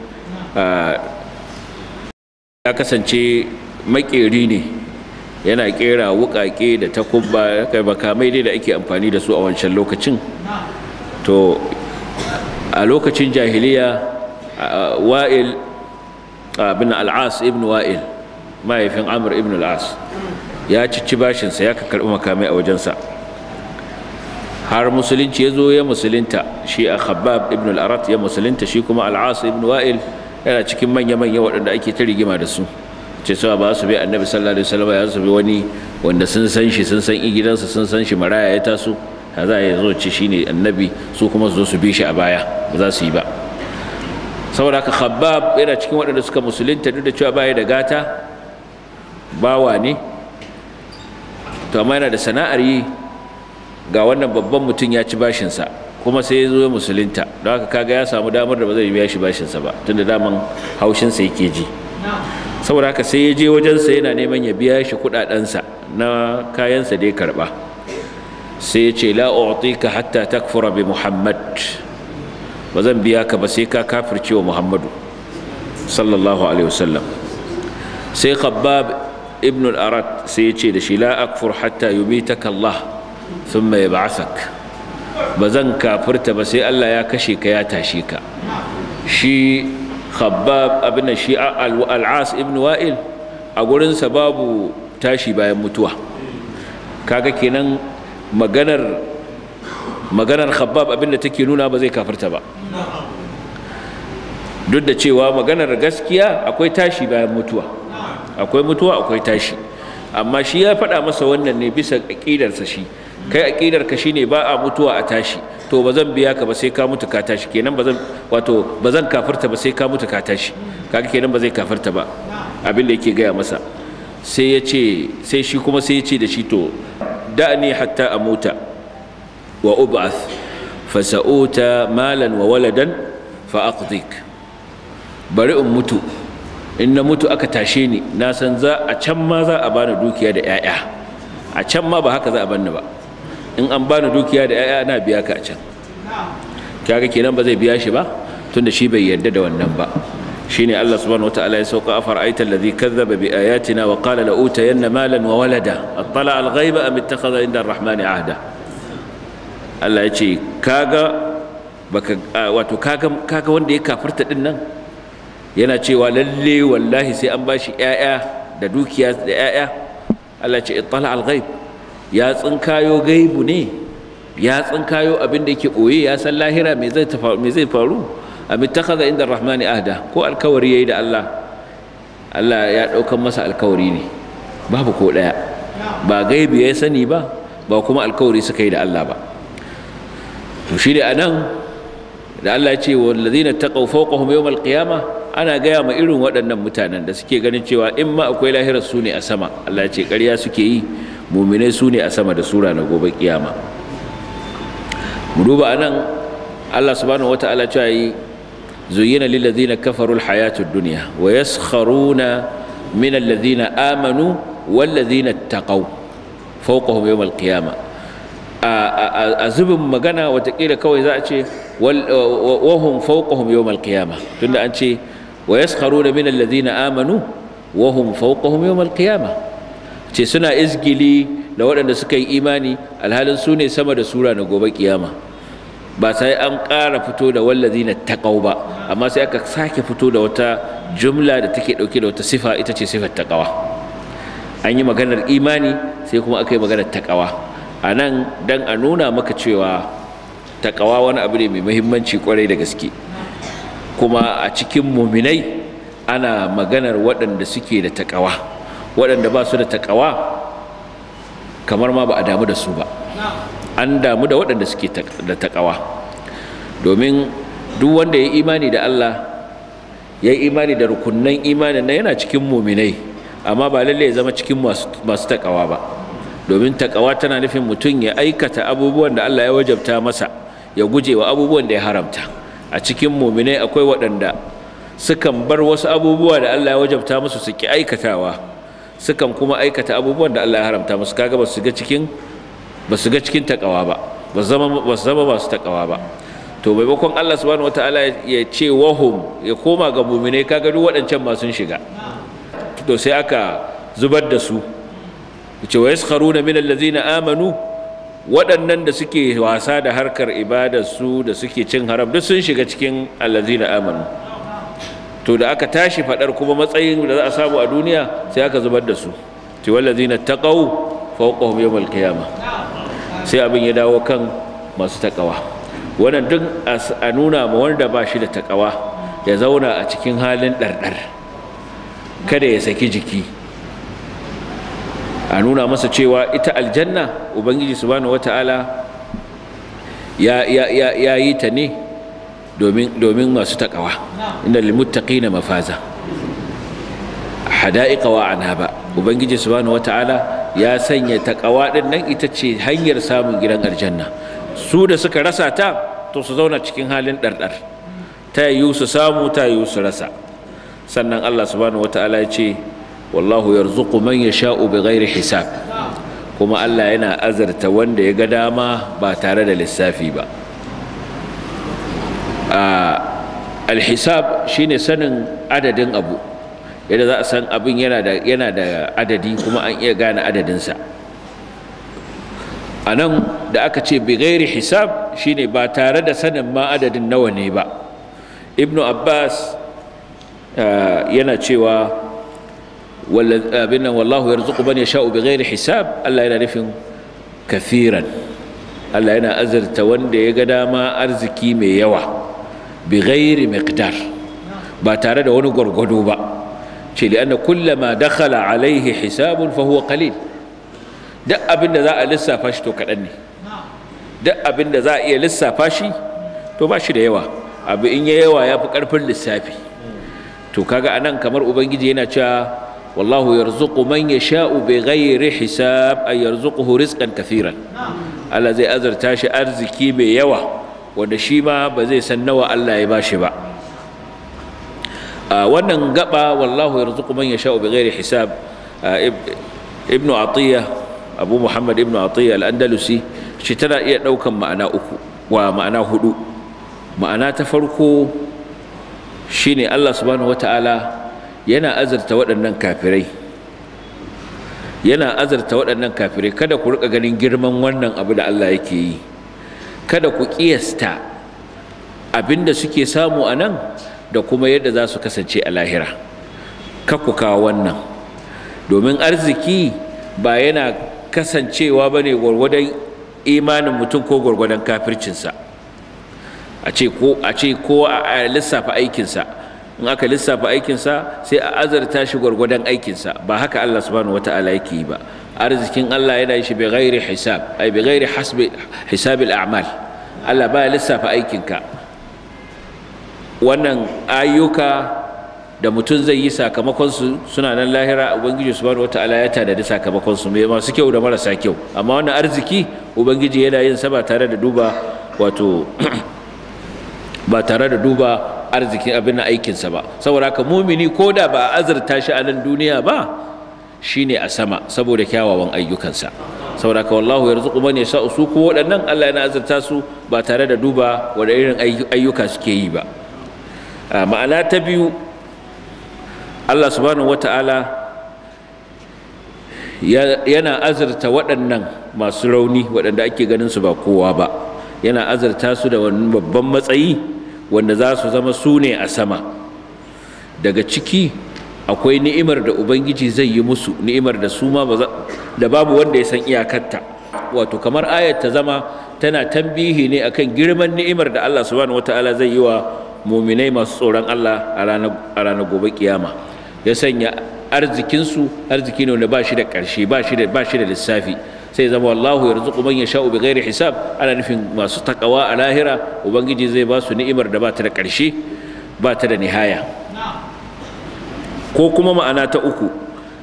ya kasance makeri ne yana kera wukake da takubba makamai dai da ake amfani da su a wancan lokacin to a lokacin jahiliya wa'il abin al'as ibn wa'il mahaifin amur ibn al'as ya cici bashinsa ya ka karbi makamai a wajensa har musulunci ya zo ya musulunta shi a khabab ibn al'arat ya musulunta shi kuma al'as ibn wa'il yana cikin manya-manya waɗanda ake ta rigima da su ce cewa ba su bi annabi sallallahu alaihi wasallam ya su bi wani wanda sun san shi sun san gidansa sun san shi maraya ya taso ha za ya zo ci shine annabi su kuma su zo su bi shi a baya ba za su yi ba saboda haka khabbab yana cikin waɗanda suka musulunta duk da cewa baya da gata bawa ne to amma yana da sana'ar yi ga wannan babban mutum ya ci bashinsa kuma sai ya zo ya musulunta don haka kaga ya samu damar da ba zai biya shi bashinsa ba tunda daman haushinsa yake ji saboda haka sai ya je wajensa yana neman ya biya shi kudadensa na kayansa da ya karba sai ya ce la ka hatta takfura bi muhammad ba zan biya ka ba sai ka kafirce wa muhammadu sallallahu alaihi wasallam sai khabbab ibn al arad sai ya ce da shi la akfur hatta yubitaka allah thumma yab'athaka ba zan kafirta ba sai Allah ya kashe ka ya tashe ka shi khabbab abin shi al'as ibn wa'il a gurinsa babu tashi bayan mutuwa kaga kenan maganar maganar khabbab abin da take nuna ba zai kafirta ba duk da cewa maganar gaskiya akwai tashi bayan mutuwa akwai mutuwa akwai tashi amma shi ya faɗa masa wannan ne bisa ƙidarsa shi kai aqidar ka shine ba a mutuwa a tashi to bazan biya ka ba sai ka mutu ka tashi kenan bazan zan wato ba kafirta ba sai ka mutu ka tashi kaga kenan ba zai kafirta ba abin da yake gaya masa sai ya ce sai shi kuma sai ya ce da shi to da'ni hatta amuta wa ub'ath fa sa'uta malan wa waladan fa aqdik bari in mutu in na mutu aka tashe ni na san za a can ma za a bani dukiya da 'ya'ya a can ma ba haka za a banni ba in an bani dukiya da 'ya'ya na biya ka a can kaga kenan ba zai biya shi ba tunda shi bai yarda da wannan ba shine Allah subhanahu wataala ya sauka afara'aita allazi kazzaba bi ayatina wa qala la utayanna malan wa walada attala al ghaiba am ittakhadha inda ar-rahmani ahda Allah ya ce kaga baka wato kaga kaga wanda ya kafirta din nan yana cewa lalle wallahi sai an bashi 'ya'ya da dukiya da 'ya'ya Allah ya ce ittala al ghaiba ya tsinkayo gaibu ne ya tsinkayo abin da yake ɓoye ya san lahira me zai faru abin ta kaza inda rahmani ahda ko alkawari ya yi da allah allah ya ɗaukan masa alkawari ne babu ko ɗaya ba gaibu ya sani ba ba kuma alkawari suka yi da allah ba to shi anan da allah ya ce wallazina taqaw fawqahum yawm alqiyamah ana gaya ma irin waɗannan mutanen da suke ganin cewa in ma akwai lahirar su ne a sama Allah ce ƙarya suke yi muminai su ne a sama da sura na gobe kiyama mu duba anan Allah subhanahu wata'ala cewa yi zuyyina lil ladzina kafaru al hayatud dunya wa yaskharuna min alladhina amanu wal ladzina taqaw fawqahum yawm al qiyamah a zubin magana watakila kawai za a ce wahum fawqahum yawm al-qiyamah tunda an ce wa yaskharuna min alladhina amanu wahum fawqahum yawm al-qiyamah ce suna izgili da waɗanda suka yi imani alhalin su ne sama da sura na gobe kiyama ba sai an ƙara fito da wallazi na taƙau ba amma sai aka sake fito da wata jumla da take ɗauke da wata sifa ita ce sifar taƙawa an yi maganar imani sai kuma aka yi maganar taƙawa a nan don a nuna maka cewa taƙawa wani abu ne mai muhimmanci kwarai da gaske kuma a cikin muminai ana maganar waɗanda suke da taƙawa waɗanda ba su da taƙawa, kamar ma ba a damu da su ba an damu da waɗanda suke da taƙawa. domin duk wanda ya imani da Allah ya yi imani da rukunnan imanin na yana cikin muminai amma ba lallai ya zama cikin masu taƙawa ba domin taƙawa tana nufin mutum ya aikata abubuwan da Allah ya wajabta masa ya guje wa abubuwan da ya haramta a cikin muminai akwai waɗanda sukan bar wasu abubuwa da Allah ya wajabta musu su ki aikatawa sukan kuma aikata abubuwan da Allah ya haramta musu kaga ba su ga cikin ba su ga cikin takawa ba ba zama ba zama masu takawa ba to maimakon Allah subhanahu wataala ya ce wahum ya koma ga mu'minai kaga duk waɗancan ma sun shiga to sai aka zubar da su ce wa yaskharuna min allazina amanu waɗannan da suke wasa da harkar ibadar su da suke cin haram duk sun shiga cikin allazina amanu to da aka tashi faɗar kuma matsayin da za a samu a duniya sai aka zubar da su ce wallazina taqaw fawqahum yawmal qiyamah sai abin ya dawo kan masu takawa wannan duk a nuna ma wanda ba shi da takawa ya zauna a cikin halin ɗarɗar kada ya saki jiki a nuna masa cewa ita aljanna ubangiji subhanahu wata'ala ya ya ya yi ta ne domin masu takawa inda na mafaza hada'iqa wa anaba ubangiji subhanahu ta'ala ya sanya takawa ɗin nan ita ce hanyar samun gidan aljanna su da suka rasa ta to su zauna cikin halin ɗarɗar ta yi su samu ta yi su rasa sannan Allah subhanahu ta'ala ya ce wallahu yarzuqu man yasha'u bighairi hisab kuma Allah yana azarta wanda ya ga dama ba tare da lissafi ba alhisab shine sanin adadin abu yadda za a san abin yana da yana da adadi kuma an iya gane adadinsa a nan da aka ce bighairi hisab shine ba tare da sanin ma adadin nawa ne ba ibnu abbas yana cewa abin nan wallahu yarzuqu man yasha'u bighairi hisab Allah yana nufin kafiran Allah yana azurta wanda ya ga dama arziki mai yawa bi ghairi miqdar ba tare da wani gwargwado ba ce li anna ma dakhala alaihi hisabun fa huwa qalil duk za a lissafa shi to kaɗan ne duk abin za a iya lissafa shi to ba shi da yawa abu in ya yawa ya ƙarfin lissafi to kaga anan kamar ubangiji yana cewa wallahu yarzuqu man yasha'u bighairi hisab ay yarzuquhu rizqan kathiran Allah zai azurta shi arziki mai yawa wanda shi ma ba zai san nawa Allah ya bashi ba wannan gaba wallahu yarzuqu man yasha'u bighairi hisab ibn atiya abu muhammad ibn atiya al-andalusi shi tana iya daukan ma'ana uku wa ma'ana hudu ma'ana ta farko shine Allah subhanahu wata'ala yana azarta waɗannan kafirai yana azarta waɗannan kafirai kada ku rika ganin girman wannan abu da Allah yake yi kada ku kiyasta abinda suke samu a nan da kuma yadda za su kasance a lahira ka kawo wannan domin arziki ba yana kasancewa ba ne gwargwadon imanin mutum ko gwargwadon kafircinsa a ce ko a lissafa aikinsa in aka lissafa aikinsa sai a azarta shi gwargwadon aikinsa ba haka allah subhanahu wata'ala yake yi ba arzikin Allah yana shi bi ghairi hisab ai bi ghairi hasbi hisabil Allah baya lissafa aikinka wannan ayyuka da mutum zai yi sakamakon su suna nan lahira ubangiji subhanahu wataala ya da sakamakon su mai masu kyau da marasa kyau amma wannan arziki ubangiji yana yin sa ba tare da duba wato ba tare da duba arzikin abin aikinsa ba saboda haka mumini ko da ba a azurta shi a nan duniya ba shine a sama saboda kyawawan ayyukansa saboda ka wallahu yarzuqu man yasha'u su ku waɗannan Allah yana azurta su ba tare da duba wanda irin ayyuka suke yi ba ah, ma'ana ta biyu Allah subhanahu wata'ala yana azurta waɗannan masu rauni waɗanda ake ganin su ba kowa ba yana azurta su da wani babban matsayi wanda za su zama su ne a sama daga ciki akwai ni'imar da ubangiji zai yi musu ni'imar da su ma da babu wanda ya san iyakarta wato kamar ayat ta zama tana tambihi ne akan girman ni'imar da Allah subhanahu wataala zai yi wa muminai masu tsoron Allah a ranar gobe kiyama ya sanya arzikinsu arziki ne wanda ba shi da ƙarshe ba shi da lissafi sai zama wallahu yarzuqu man bi ghairi hisab ana nufin masu takawa a lahira ubangiji zai ba su ni'imar da ba ta da ƙarshe ba ta da nihaya ko kuma ma'ana ta uku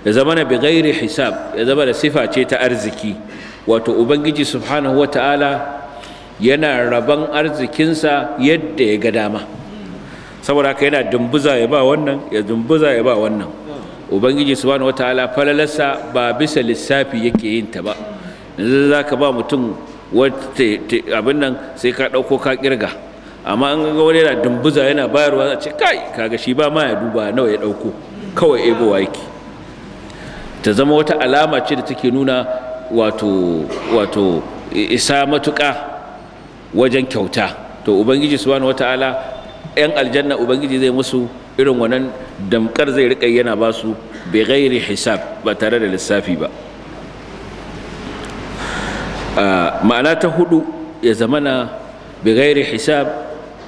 ya zama na bigairi hisab ya zama da sifa ce ta arziki wato ubangiji subhanahu ta'ala yana raban arzikinsa yadda ya ga dama saboda haka yana dumbuza ya ba wannan ya dumbuza ya ba wannan ubangiji subhanahu ta'ala falalarsa ba bisa lissafi yake yin ta ba yanzu za ka ba mutum abin nan sai ka ɗauko ka kirga amma an ga wani yana dumbuza yana bayarwa a ce kai kaga shi ba ma ya duba nawa ya ɗauko kawai ebowa yake ta zama wata alama ce da take nuna wato isa matuƙa wajen kyauta to ubangiji subhanahu wata'ala yan aljanna ubangiji zai musu irin wannan damkar zai rika yana ba su bai gairi hisab ba tare da lissafi ba ma'ana ta hudu ya zamana bai gairi hisab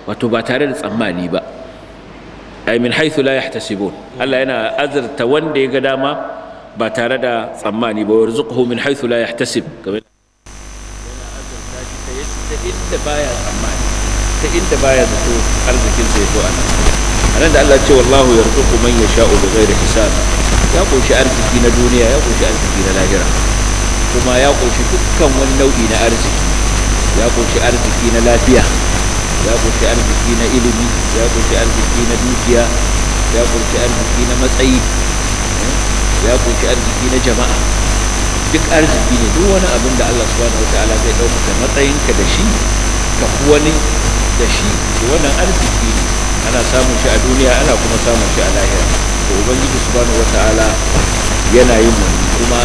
wato ba tare da tsammani ba ay min haythu la yahtasibun Allah yana azurta wanda ya ga dama ba tare da tsammani ba yarzuquhu min haythu la yahtasib kamar yana azurta shi ta yadda inda baya tsammani ta inda baya zato arzikin sa yato A nan da Allah ce wallahu yarzuqu man yasha'u bighairi hisab ya koshi arziki na duniya ya koshi arziki na lahira kuma ya koshi dukkan wani nau'i na arziki ya koshi arziki na lafiya ya kunshi arziki na ilimi ya kunshi arziki na dukiya ya kunshi arziki na matsayi ya kunshi arziki na jama'a duk arziki ne duk wani abin da Allah subhanahu wataala zai ɗaukaka matsayinka da shi ka fi wani da shi to wannan arziki ne ana samun shi a duniya ana kuma samun shi a lahira to ubangiji subhanahu wataala yana yin wani kuma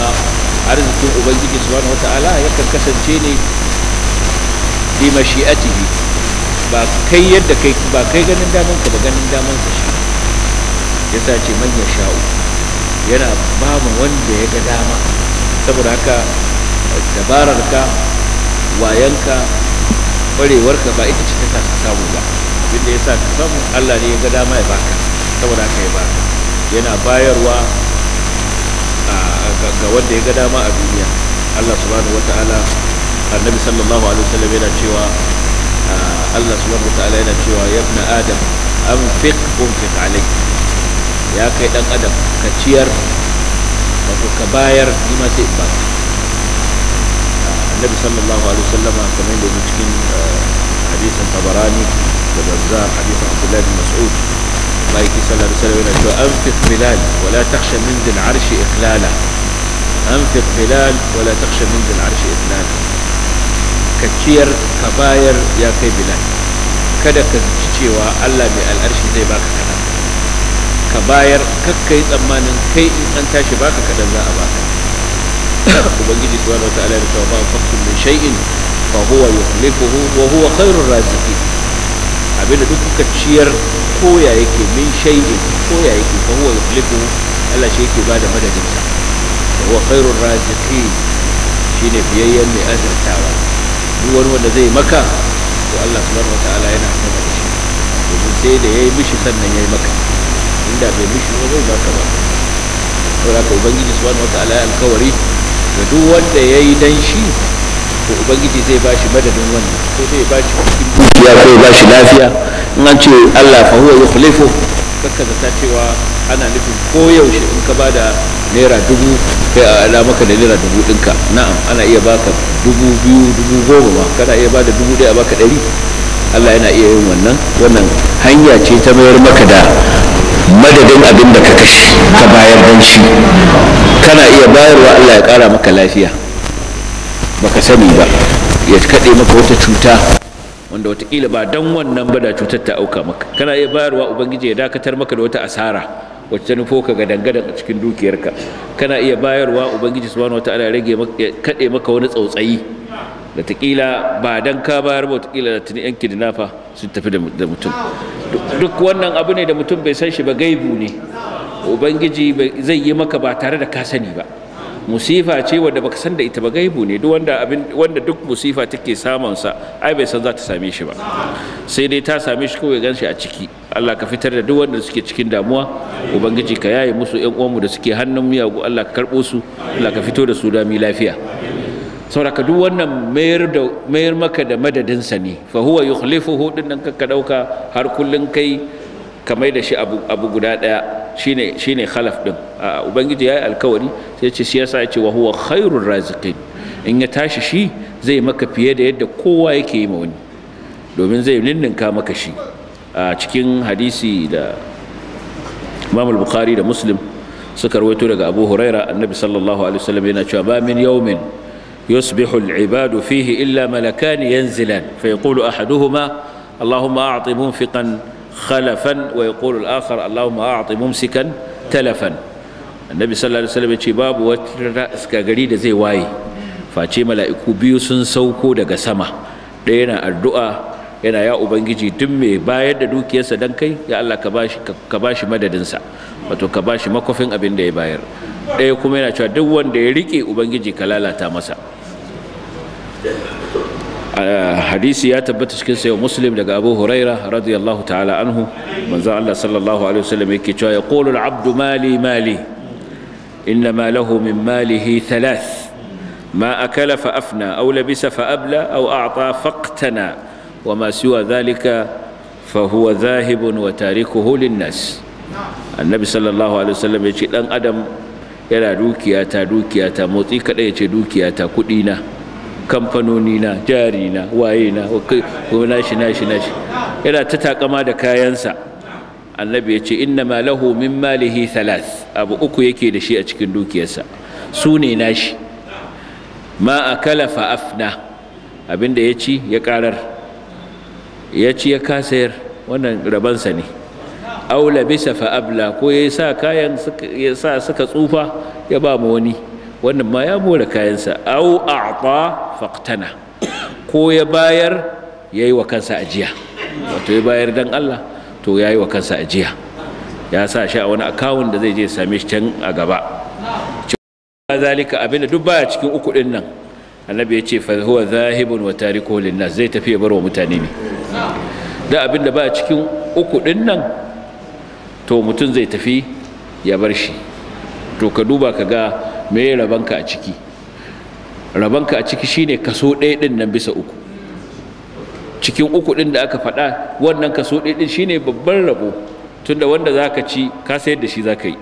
arzikin ubangiji subhanahu wataala yakan kasance ne bi mashi'atihi ba kai yadda kai ba kai ganin daman ka ba ganin daman ka shi sa ce man ya sha'u yana ba mu wanda ya ga dama saboda haka dabarar ka wayanka kwarewarka ba ita ce ta sa ka samu ba inda ya sa ka samu Allah ne ya ga dama ya baka saboda haka ya baka yana bayarwa ga wanda ya ga dama a duniya Allah subhanahu wataala annabi sallallahu alaihi wasallam yana cewa الله سبحانه وتعالى يا ابن ادم انفق انفق عليك يا كي ادم كتير وكباير لما سيبقى النبي صلى الله عليه وسلم كما يقول مشكين آه، حديث الطبراني وبزار حديث عبد الله بن مسعود الله صلى الله عليه وسلم انفق بلال ولا تخشى من ذي العرش اخلاله انفق بلال ولا تخشى من ذي العرش اخلاله ka ciyar ka bayar ya kai bilal kada ka zaci cewa allah mai al'arshi zai baka kaɗan ka bayar kakka yi tsammanin kai in an tashi baka kaɗan za a baka ubangiji subhanahu wa ta'ala ya cewa ba fakkun min shay'in fa huwa yukhlifuhu wa huwa khairur raziqin abinda duk kuka ciyar koya yake min shay'in koya yake fa huwa yukhlifuhu Allah shi yake bada madadin sa wa huwa khairur raziqin shine biyayyen mai azurtawa duk wani wanda zai maka to Allah subhanahu wataala yana sama da shi domin sai da ya yi mishi sannan ya yi maka inda bai mishi ba zai baka ba saboda ka ubangiji subhanahu wataala ya alkawari da duk wanda yayi dan shi to ubangiji zai bashi madadin wanda ko zai bashi cikin dukiya ko ya bashi lafiya in an ce Allah fa huwa yukhlifu kakkaza ta cewa ana nufin koyaushe in ka ba da naira dubu kai a alamaka da naira dubu ɗinka na'am ana iya baka dubu biyu dubu goma ma kana iya ba da dubu ɗaya baka ɗari Allah yana iya yin wannan wannan hanya ce ta mayar maka da madadin abin da ka kashe ka bayar dan shi kana iya bayarwa Allah ya ƙara maka lafiya baka sani ba ya kaɗe maka wata cuta wanda watakila ba dan wannan ba da cutar ta auka maka kana iya bayarwa ubangiji ya dakatar maka da wata asara wacce nufo ka ga dangadan a cikin dukiyarka kana iya bayarwa ubangiji subhanahu wataala ya rage kade maka wani tsautsayi da taƙila ba dan ka bayar ba taƙila da tuni yan dinafa sun tafi da mutum duk wannan abu ne da mutum bai san shi ba gaibu ne ubangiji zai yi maka ba tare da ka sani ba musifa ce wanda baka san da ita ba gaibu ne duk wanda abin wanda duk musifa take samun sa ai bai san za ta same shi ba sai dai ta same shi kawai gan shi a ciki Allah ka fitar da duk wanda suke cikin damuwa ubangiji ka yaye musu ƴan uwanmu da suke hannun miyagu Allah ka karɓo su Allah ka fito da su dami lafiya sauraka duk wannan mayar da mayar maka da madadin sa ne fa huwa yukhlifuhu dinnan ka dauka har kullun kai ka mai da shi abu abu guda daya shine shine khalaf din ubangiji yayi alkawari sai ce siyasa yace wa huwa khairur raziqin in ya tashi shi zai maka fiye da yadda kowa yake yi ma wani domin zai ninninka maka shi a cikin hadisi da Imam al-Bukhari da Muslim suka rawaito daga Abu Huraira annabi sallallahu alaihi wasallam yana cewa ba min yawmin يصبح العباد فيه إلا ملكان ينزلان فيقول أحدهما اللهم أعط منفقا kalafan wa yaqulu al-akhar Allahumma a'ti mumsikan talafan annabi sallallahu alaihi ce babu wata gari da zai waye face mala'iku biyu sun sauko daga sama ɗaya yana addu'a yana ya ubangiji tun mai bayar da dukiyarsa dan kai ya Allah ka bashi ka bashi madadinsa wato ka bashi makofin abin da ya bayar ɗaya kuma yana cewa duk wanda ya rike ubangiji ka lalata masa hadisi ya tabbata cikin sayo muslim daga abu huraira radiyallahu ta'ala anhu manzo Allah sallallahu alaihi wasallam yake cewa ya qulu al-abdu mali mali inna ma lahu min malihi thalath ma akala fa afna aw labisa fa abla aw a'ta faqtana wa ma siwa dhalika fa huwa dhahibun wa tarikuhu lin-nas annabi sallallahu alaihi wasallam yace dan adam yana dukiya ta dukiya ta motsi kada yace dukiya ta kudi na kamfanoni na jari na waye na nashi nashi nashi yana ta takama da kayansa annabi ya ce inna ma lahu min malihi thalath abu uku yake da shi a cikin dukiyarsa su ne nashi ma akala fa afna abinda ya ci ya karar ya ci ya kasayar wannan rabansa ne aula bisa fa abla ko ya sa kayan ya sa suka tsufa ya ba mu wani wannan ma ya more kayansa au a'ta faqtana ko ya bayar yayi wa kansa ajiya wato ya bayar dan Allah to yayi wa kansa ajiya ya sa shi a wani akawun da zai je same shi can a gaba zalika abinda duk baya cikin uku din nan annabi ya ce fa huwa zahibun wa tarikuhu linnas zai tafi ya bar wa mutane ne da abinda baya cikin uku din nan to mutum zai tafi ya bar shi to ka duba ka ga me rabanka a ciki rabanka a ciki shine kaso ɗaya ɗin nan bisa uku cikin uku ɗin da aka faɗa wannan kaso ɗaya ɗin shine babban rabo tunda wanda za ka ci ka sayar da shi za ka yi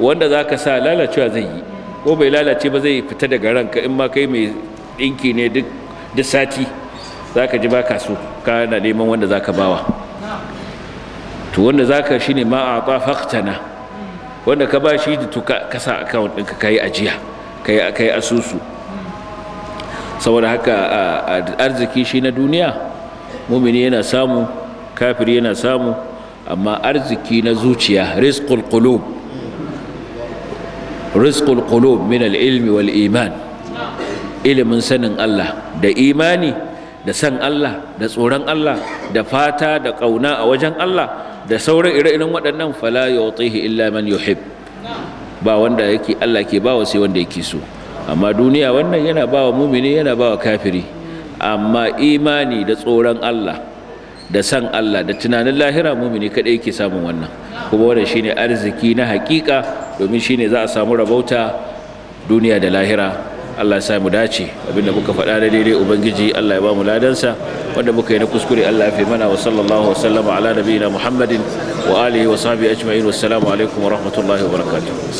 wanda za ka sa lalacewa zai yi ko bai lalace ba zai fita daga ranka in ma kai mai ɗinki ne duk da sati za ka ji ba ka so neman wanda za ka bawa to wanda za ka shi ne ma a faktana wanda ka ba shi da tuka ka sa account ɗinka ka yi ajiya ka yi asusu saboda haka arziki shi na duniya mumini yana samu kafiri yana samu amma arziki na zuciya rizqul qulub rizqul qulub min al-ilmi wal iman ilimin sanin Allah da imani da san Allah da tsoron Allah da fata da kauna a wajen Allah da sauran ire-iren waɗannan fala yutihi illa man yuhib ba wanda yake Allah ke bawa sai wanda yake so amma duniya wannan yana bawa mumini yana bawa kafiri amma imani da tsoron Allah da san Allah da tunanin lahira mumini kadai yake samun wannan kuma wannan shine arziki na hakika domin shine za a samu rabauta duniya da lahira Allah ya sa mu dace abinda muka faɗa da daidai ubangiji Allah ya ba mu ladansa wanda muka yi na kuskure Allah ya fi mana wa sallallahu wa sallama ala nabiyina Muhammadin wa alihi wa sahbihi ajma'in wassalamu alaikum wa rahmatullahi wa barakatuh